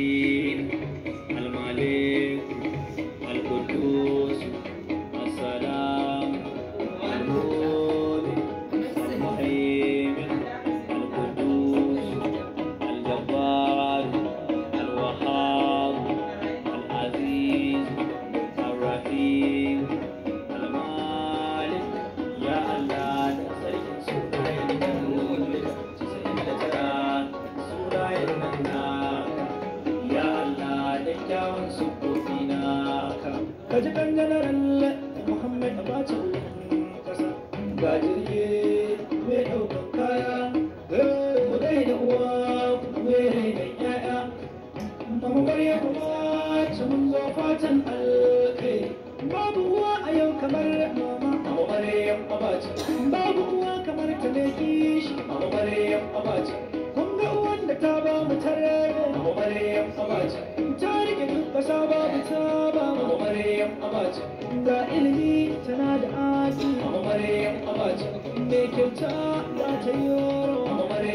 Thank you. ka ji kan janaral muhammad abacin kasa ga jirgi mai ɗaukan kaya eh, mu dai da uwa mu dai da yaya ba mu kuma ci mun zo fatan alkai babu uwa a yau kamar mama a mu bari yan abacin babu uwa kamar ta ne kishi a mu bari yan abacin kun ga uwan da ta ba mu tare a mu bari yan abacin ta rike duk kasa ba abaci ga ilimi tana da aji mai kyauta za ta yi yoro mai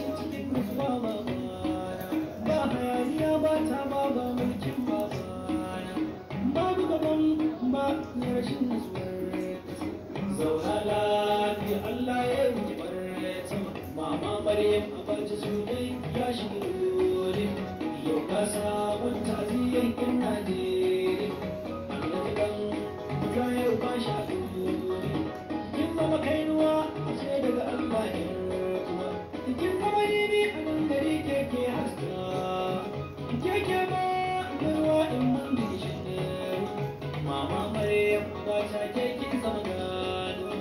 rashin zauna lafiya Allah ya rufe barci mama Maryam a barci sunai ya shiga dole yau sabon ka yau ba shi dole kin zama sai daga Allah ya kin zama a haska ruwa mun mama maryam ba ta ke kin zama gano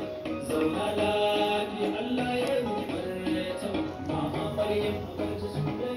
zauna lafiya Allah ya rubuta mama maryam a kan su